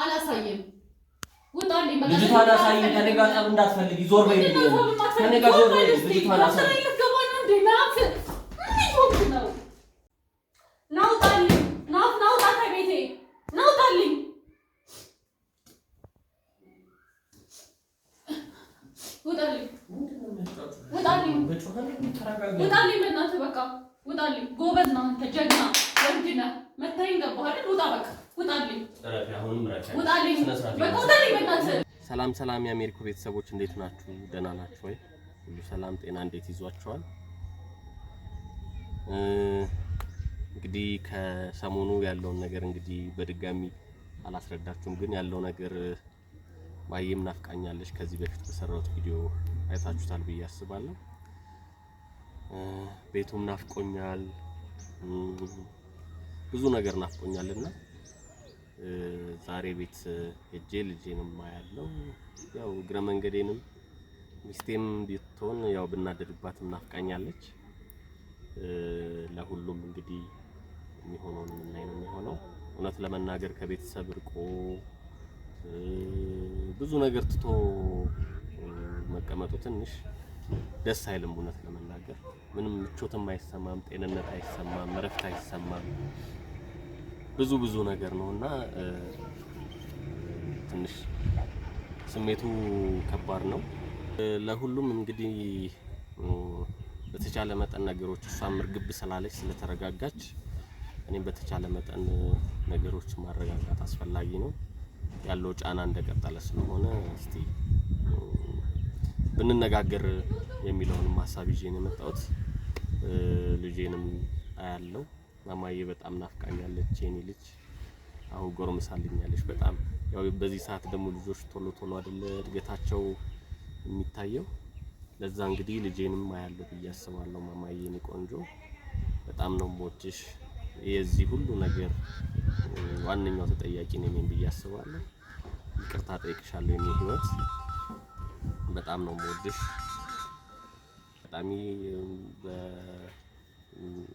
አላሳየም። ውጣልኝ በቃ ልጅቷ አላሳየም። ተነጋገር እንዳትፈልግ ዞር በይ። ውጣልኝ በእናትህ በቃ ውጣልኝ። ጎበዝ ነው አንተ ጀግና ወንድ ነህ። መታየኝ ገባህ አይደል? ውጣ በቃ ሰላም ሰላም፣ የአሜሪካ ቤተሰቦች እንዴት ናችሁ? ደህና ናችሁ ወይ? ሁሉ ሰላም ጤና እንዴት ይዟችኋል? እንግዲህ ከሰሞኑ ያለውን ነገር እንግዲህ በድጋሚ አላስረዳችሁም፣ ግን ያለው ነገር ማየም ናፍቃኛለች። ከዚህ በፊት በሰራሁት ቪዲዮ አይታችሁታል ብዬ አስባለሁ። ቤቱም ናፍቆኛል፣ ብዙ ነገር ናፍቆኛልና ዛሬ ቤት ሄጄ ልጄንም ማያለው ያው እግረ መንገዴንም ሚስቴም ብትሆን ያው ብናደድባት እናፍቃኛለች። ለሁሉም እንግዲህ የሚሆነውን የምናይ ነው የሚሆነው። እውነት ለመናገር ከቤተሰብ እርቆ ብዙ ነገር ትቶ መቀመጡ ትንሽ ደስ አይልም። እውነት ለመናገር ምንም ምቾትም አይሰማም፣ ጤንነት አይሰማም፣ እረፍት አይሰማም። ብዙ ብዙ ነገር ነው እና ትንሽ ስሜቱ ከባድ ነው። ለሁሉም እንግዲህ በተቻለ መጠን ነገሮች እሷም እርግብ ስላለች ስለተረጋጋች እኔም በተቻለ መጠን ነገሮች ማረጋጋት አስፈላጊ ነው። ያለው ጫና እንደቀጠለ ስለሆነ እስቲ ብንነጋገር የሚለውንም ሀሳብ ይዤ ነው የመጣሁት። ልጄንም አያለው ማማዬ በጣም ናፍቃኛለች የኔ ልጅ አሁን ጎርምሳልኛለች በጣም ያው በዚህ ሰዓት ደግሞ ልጆች ቶሎ ቶሎ አይደለ እድገታቸው የሚታየው ለዛ እንግዲህ ልጄንም አያለሁ ብዬ አስባለሁ። ማማዬ የኔ ቆንጆ በጣም ነው ሞችሽ። የዚህ ሁሉ ነገር ዋነኛው ተጠያቂ ነው ብዬ አስባለሁ። ይቅርታ ጠይቅሻለሁ የኔ ህይወት፣ በጣም ነው ሞድሽ በጣም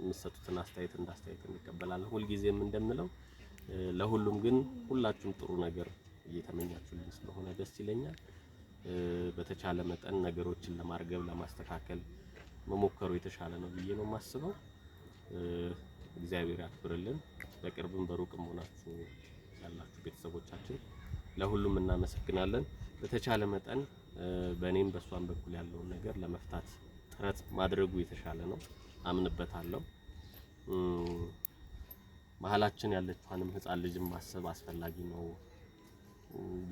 የምትሰጡትን አስተያየት እንዳስተያየት እንቀበላለን። ሁልጊዜም እንደምለው ለሁሉም ግን ሁላችሁም ጥሩ ነገር እየተመኛችሁልን ስለሆነ ደስ ይለኛል። በተቻለ መጠን ነገሮችን ለማርገብ ለማስተካከል መሞከሩ የተሻለ ነው ብዬ ነው የማስበው። እግዚአብሔር ያክብርልን። በቅርብም በሩቅም ሆናችሁ ያላችሁ ቤተሰቦቻችን ለሁሉም እናመሰግናለን። በተቻለ መጠን በእኔም በእሷም በኩል ያለውን ነገር ለመፍታት ጥረት ማድረጉ የተሻለ ነው። አምንበታለሁ። መሀላችን ያለችዋንም ህፃን ልጅ ማሰብ አስፈላጊ ነው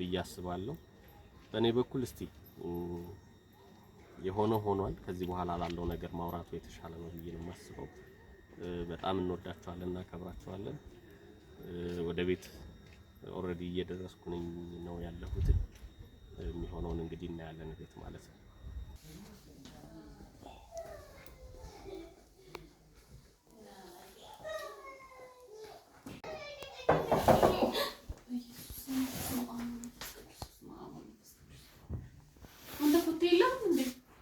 ብዬ አስባለሁ። በእኔ በኩል እስቲ የሆነ ሆኗል። ከዚህ በኋላ ላለው ነገር ማውራቱ የተሻለ ነው ብዬ ነው የማስበው። በጣም እንወዳቸዋለን፣ እናከብራቸዋለን። ወደ ቤት ኦልሬዲ እየደረስኩ ነኝ ነው ያለሁት። የሚሆነውን እንግዲህ እናያለን ቤት ማለት ነው።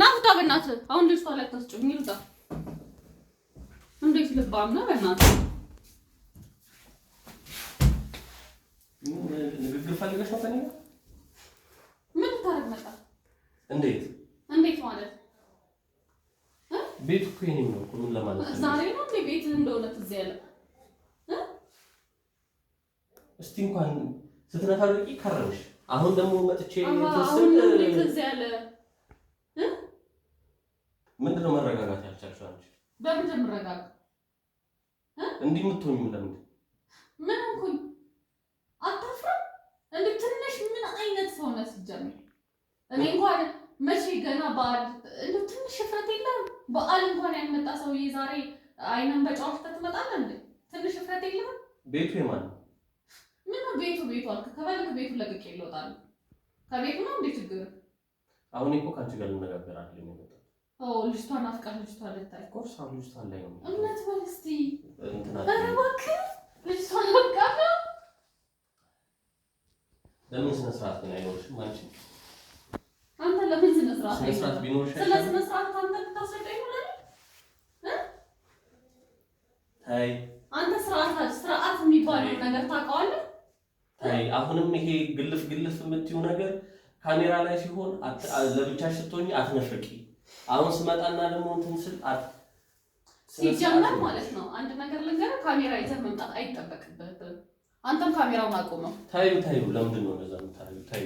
ናፍታ በእናት አሁን ልጅቷ ላይ ታስጮኝ ይሉታ እንዴት ልባም ነው በእናት ንግግር ፈልገሽ ነው ከእኔ ምን ታረግ መጣ እንዴት እንዴት ማለት ቤት እኮ የእኔም ነው እኮ ምን ለማለት ዛሬ ነው እንዴ ቤት እንደሆነ ትዝ ያለ እስቲ እንኳን ስትነፋርቂ ከረምሽ አሁን ደግሞ መጥቼ ተወሰነ ትዝ ያለ ምንድነው መረጋጋት ያልቻልሽው አንቺ? በምንድን የምረጋጋው? እንዲህ የምትሆኝ ለምንድን ምን እንኩኝ? አታፍርም? እንዴ? ትንሽ ምን አይነት ሰው ነው ሲጀምር? እኔ እንኳን መቼ ገና በዓል እንዴ? ትንሽ እፍረት የለም? በዓል እንኳን ያልመጣ ሰውዬ ዛሬ አይነን በጫው ፍተህ ትመጣለህ እንዴ? ትንሽ እፍረት የለም? ቤቱ የማን ነው? ምን ነው ቤቱ ቤቱ አልክ? ከፈለክ ቤቱ ለቅቄ ይለውጣል። ከቤቱ ነው እንዴ ችግር? አሁን እኮ ከአንቺ ጋር ልነጋገር አይደለም የመጣሁት ልጅቷን አፍቃት ልጅቷን ልታይ ልጅቷን ላይ ነው እምነት እባክህ ልጅቷን ነው። ለምን ስነ ስርዓት ግን አይኖርሽም አንቺ? አንተ ለምን ስነ ስርዓት ስነ ስርዓት ቢኖርሽ ስለ ስነ ስርዓት አንተ ይሆናል። አንተ ስርዓት ስርዓት የሚባለው ነገር ታውቀዋለህ? አሁንም ይሄ ግልፍ ግልፍ የምትይው ነገር ካሜራ ላይ ሲሆን ለብቻሽ ስትሆኚ አትነፍቂ አሁን ስመጣና ደግሞ እንትን ስል አር ሲጀመር ማለት ነው አንድ ነገር ልንገርህ፣ ካሜራ ይዘህ መምጣት አይጠበቅብህም። አንተም ካሜራውን አቆመው። ታዩ ታዩ፣ ለምንድን ነው እንደዛ ታዩ ታዩ?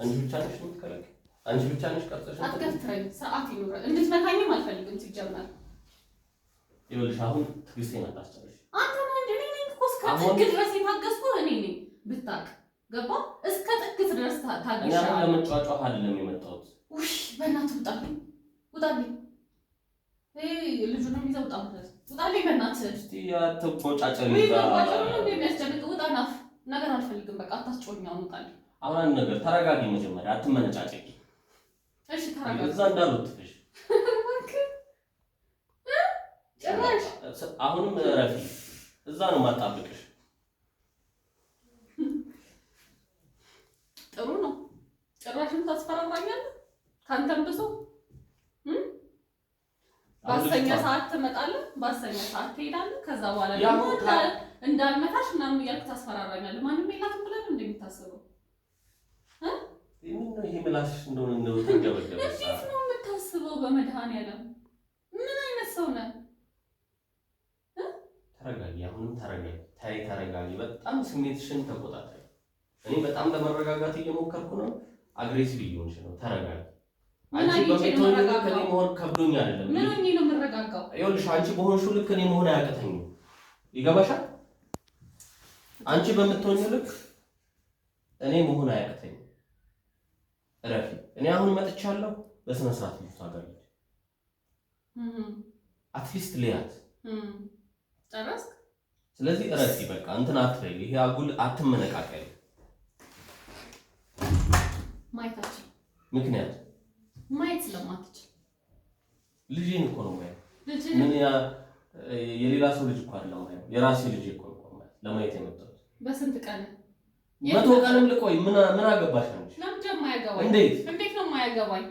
አንቺ ብቻ ነሽ የምትከለከል፣ አንቺ ብቻ ነሽ ቀርጸሽ አትከፍትረኝ። ስርዓት ይኖረህ። እንድትመታኝም አልፈልግም። ሲጀመር ይኸውልሽ፣ አሁን ትዕግስቴን አታስጨርሽ። አንተ ነው እንደ እኔ ነኝ እኮ እስከ ጥግ ድረስ የታገዝኩህ እኔ ነኝ ብታውቅ ገባ እስከ ጥግ ድረስ ታገሻለህ። ታገሻ። ለመጫጫፍ አይደለም የመጣሁት። ውይ በእናትህ ውጣልኝ ነገር አልፈልግም። በቃ አታስጮኛ። ውጣልኝ። አሁን ነገር ተረጋጊ። መጀመሪያ አትመነጫጨቂ። እሺ ተረጋጊ። እዛ እንዳሉት ትፍሽ ጭራሽ አሁንም ረፊ እዛ ነው ማጣብቅሽ። ጥሩ ነው። ጭራሽም ታስፈራራኛለህ ከአንተም ብሶ ባሰኛ ሰዓት ትመጣለህ፣ ባሰኛ ሰዓት ትሄዳለህ። ከዛ በኋላ ደግሞ እንዳልመታሽ ምናምን እያልኩ ታስፈራራኛለህ። ማንም የላትም ብለን እንደሚታስበው ምነው ይሄ እንዴት ነው የምታስበው? በመድኃኒዓለም ምን አይነት ሰው ነህ? ተረጋጊ፣ አሁንም ተረጋጊ። ታይ ተረጋጊ፣ በጣም ስሜትሽን ተቆጣጠሪ። እኔ በጣም ለመረጋጋት እየሞከርኩ ነው። አግሬሲቭ እየሆንሽ ነው። ተረጋጊ አንቺ በምትሆን ልክ እኔ መሆን ከብዶኝ አይደለም። ምን ሆኜ ነው የምረጋጋው? ይኸውልሽ አንቺ በሆንሽው ልክ እኔ መሆን አያቅተኝም። ይገባሻል? አንቺ በምትሆን ልክ እኔ መሆን አያቅተኝም። እረፊ። እኔ አሁን መጥቻለሁ። በስነ ስርዓት ነው ታገለች። አትሊስት ሊያት ጨረስክ። ስለዚህ እረፊ። በቃ እንትን አትበይ። ይሄ አጉል አትመነቃቀል። ማይታችን ምክንያት ማየት ስለማትችል ልጄን እኮ ነው ማየት። ምን የሌላ ሰው ልጅ እኮ አይደለም ማየት፣ የራሴ ልጅ እኮ ነው ለማየት የመጣሁት። በስንት ቀን መቶ ቀንም ልቆይ ምን ምን አገባሽ አንቺ? ለምንድን ነው የማያገባኝ? እንዴት እንዴት ነው የማያገባኝ?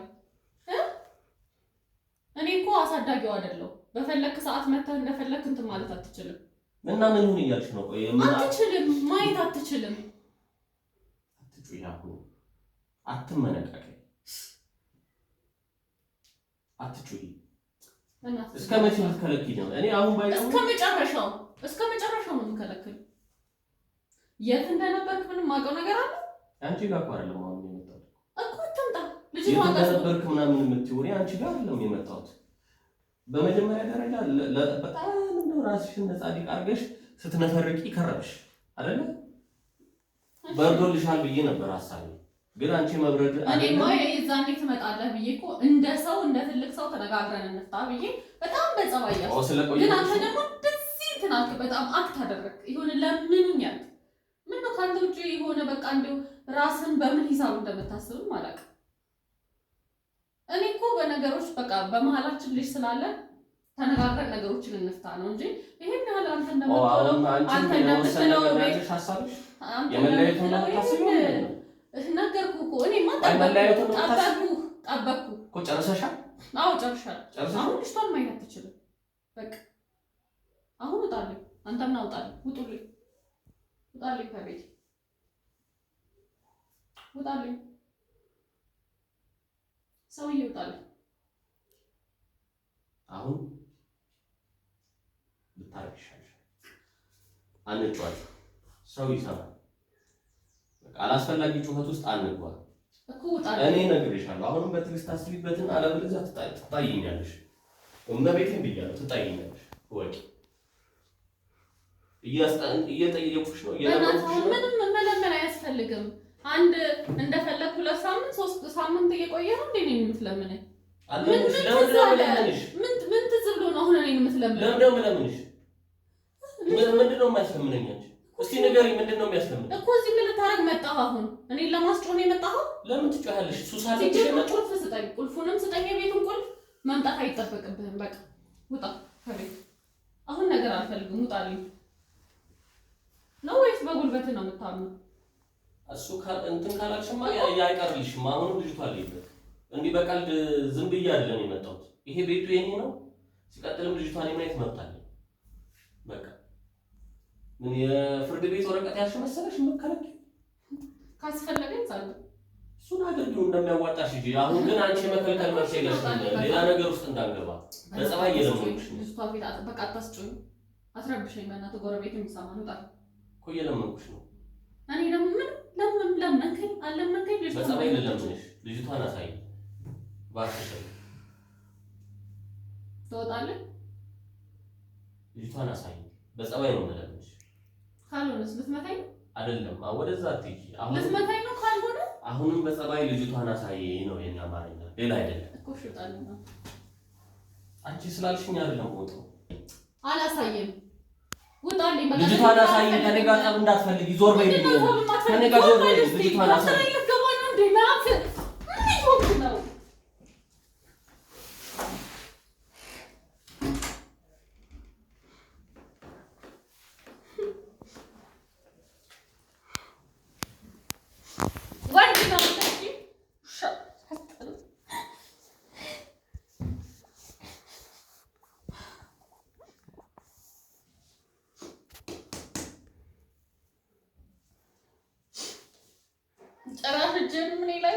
እኔ እኮ አሳዳጊው አይደለሁ። በፈለክ ሰዓት መተህ እንደፈለክ እንትን ማለት አትችልም። እና ምን ይሁን እያልሽ ነው? ቆይ ምን አትችልም፣ ማየት አትችልም። አትጩ ያኩ አትጩሂ። እስከ መቼ አትከለክኝ ነው? እኔ አሁን ባይ እስከ መጨረሻው እስከ መጨረሻው ነው የምከለክል። የት እንደነበርክ ምንም ማውቀው ነገር አለ? አንቺ ጋር እኮ አይደለም አሁን የመጣሁት እኮ አትምጣ። ልጅ ነው አንተ ነበርክ ምናምን የምትይው እኔ አንቺ ጋር አይደለም የመጣሁት። በመጀመሪያ ደረጃ በጣም እንደው ራስሽን ጻድቅ አድርገሽ ስትነፈርቂ ከረብሽ አይደለ? በርዶልሻል ብዬ ነበር ሀሳቤ ግን አንቺ መብረድ እኔማ የዛኔ ትመጣለህ ብዬ እኮ እንደ ሰው እንደ ትልቅ ሰው ተነጋግረን እንፍታ ብዬ በጣም በጸባይ ያስለቆ ግን አንተ ደግሞ እንደዚህ ትናንት በጣም አክት አደረግ የሆነ ለምኑኝ ያልክ ምን ነው ከአንተ ውጭ የሆነ በቃ እንዲሁ ራስን በምን ሂሳብ እንደምታስብም አላውቅም። እኔ እኮ በነገሮች በቃ በመሀላችን ልጅ ስላለ ተነጋግረን ነገሮችን እንፍታ ነው እንጂ ይሄን ያህል አንተ እንደምትለው አንተ እንደምትለው ቤት የመለየት ነው ታስብ ነው ነገርኩ እኮ እኔማ ጠበኩህ ጠበኩህ እኮ ጨርሰሻል? አዎ ጨርሻለሁ። አሁን ልጅቷን ማየት አትችልም። በቃ አሁን ውጣልኝ፣ አንተም ና ውጣልኝ፣ ውጡልኝ፣ ውጣልኝ ከቤት ውጣልኝ፣ ሰውዬ ውጣልኝ። አሁን ልታረቅሻለሽ። አንጫዋለሁ፣ ሰው ይሰማል። አላስፈላጊ ጩኸት ውስጥ አንግባ። እኔ እነግርሻለሁ። አሁንም በትዕግስት አስቢበትን፣ አለበለዚያ ትጣይኛለሽ። እመቤቴን ብያለሁ፣ ትጣይኛለሽ። ወቂ እየጠየቁሽ ነው። ምንም መለመን አያስፈልግም። አንድ እንደፈለግ ሁለት ሳምንት ሶስት ሳምንት እየቆየ ነው እንዴ ነው የምትለምነኝ? ምን ትዝ ብሎ ነው አሁን እኔን የምትለምነኝ? ለምደው ምለምንሽ ምንድነው የማያስለምነኛች እስቲ ንገሪኝ፣ ምንድን ነው የሚያስለምድ እኮ እዚህ ምን ልታረግ መጣህ? አሁን እኔ ለማስጮህ ነው የመጣኸው? ለምን ትጮያለሽ? ሱሳን ቁልፍ ስጠኝ፣ ቁልፉንም ስጠኝ። የቤቱን ቁልፍ መምጣት አይጠበቅብህም። በቃ ውጣ ከቤት አሁን። ነገር አልፈልግም፣ ውጣልኝ። ነው ወይስ በጉልበት ነው የምታምነው? እሱ እንትን ካላልሽማ አይቀርልሽም። አሁንም ልጅቷ አለበት። እንዲህ በቀልድ ዝም ብዬ አይደለም የመጣሁት። ይሄ ቤቱ የኔ ነው። ሲቀጥልም ልጅቷን የማየት መብት አለኝ። በቃ ምን የፍርድ ቤት ወረቀት ያልሽ መሰለሽ? መከለኪያ ካስፈለገ ይዛለ እሱን አድርጊው እንደሚያዋጣሽ እንጂ አሁን ግን አንቺ የመከልከል መብት የለሽም። ሌላ ነገር ውስጥ እንዳንገባ በፀባይ እየለመንኩሽ ነው። ልጅቷ ቤት በቃ አታስጭኝ፣ አትረብሸኝ በእናትህ። ጎረቤት የሚሰማ ነው። ጣል እኮ እየለመንኩሽ ነው። እኔ ደግሞ ምን ለምን ለመንከኝ አለመንከኝ፣ ልጅቷ በፀባይ ልለምንሽ። ልጅቷን አሳይ ባክሽ። ትወጣለህ። ልጅቷን አሳይ። በፀባይ ነው የምለምንሽ ካልሆነስ ልትመታኝ ነው? አይደለም ወደዛ ልትመታኝ ነው ካልሆነ አሁንም በጸባይ ልጅቷን አሳየኝ ነው የኔ አማርኛ፣ ሌላ አይደለም እኮ። ሽጣለሁ አንቺ ስላልሽኝ አይደለም ወጡ አላሳየም። ልጅቷን አሳየኝ። ከእኔ ጋር ጠብ እንዳትፈልጊ፣ ዞር በይ። ከእኔ ጋር ዞር በይ። ልጅቷን አሳየኝ። ገባኝ እንዴ ናት? ምን ይሆን ነው Germany, like,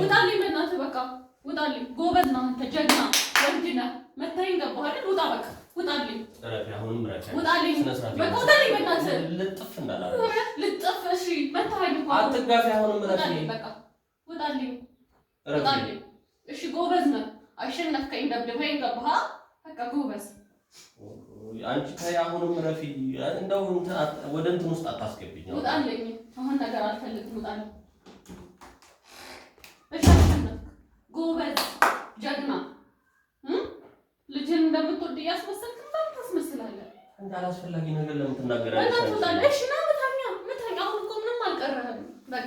ውጣልኝ፣ በእናትህ በቃ ውጣልኝ። ጎበዝ ነው አንተ፣ ጀግና ወንድ ነህ። መታየኝ ገባህ አይደል? ውጣ በቃ ውጣልኝ፣ እሺ ጎበዝ ነህ፣ አሸነፍከኝ። ደብድበኝ፣ ገባህ? በቃ ጎበዝ አንቺ ታይ አሁንም ረፊ እንደው ወደ እንትን ውስጥ አታስገብኝ። ውጣልኝ፣ አሁን ነገር አልፈልግም። ውጣልኝ እሻሸነፍክ ጎበዝ ጀግና ልጅን እንደምትወድ እያስመሰልክ በጣም ታስመስላለህ። እንዳላስፈላጊ ነገር ለምን ትናገራለሽ? ምናምታኛ ምታኛ አሁን እኮ ምንም አልቀረህም በቃ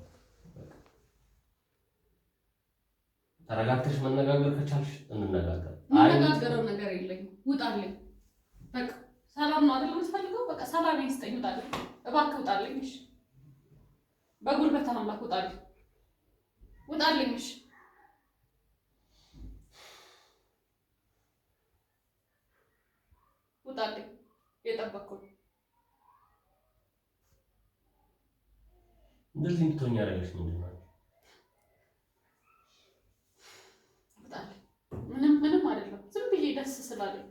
ተረጋግተሽ መነጋገር ከቻልሽ እንነጋገር። የምነጋገረው ነገር የለኝም። ውጣልኝ። በቃ ሰላም ነው አይደል የምትፈልገው? በቃ ሰላም ይስጠኝ። ውጣልኝ እባክህ፣ ውጣልኝ። እሺ፣ በጉልበት አምላክ ውጣልኝ፣ ውጣልኝ። እሺ ውጣልኝ። የጠበቅኩት እንደዚህ እንድትሆኝ ያደረገች ምንድን ነው? ምንም ምንም አይደለም። ዝም ብዬ ደስ ስላለኝ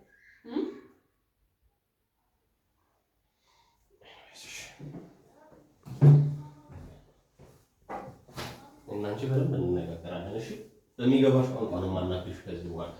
እናንቺ በደንብ እንነጋገራለን። እሺ በሚገባሽ ቋንቋ ነው ማናገርሽ ከዚህ በኋላ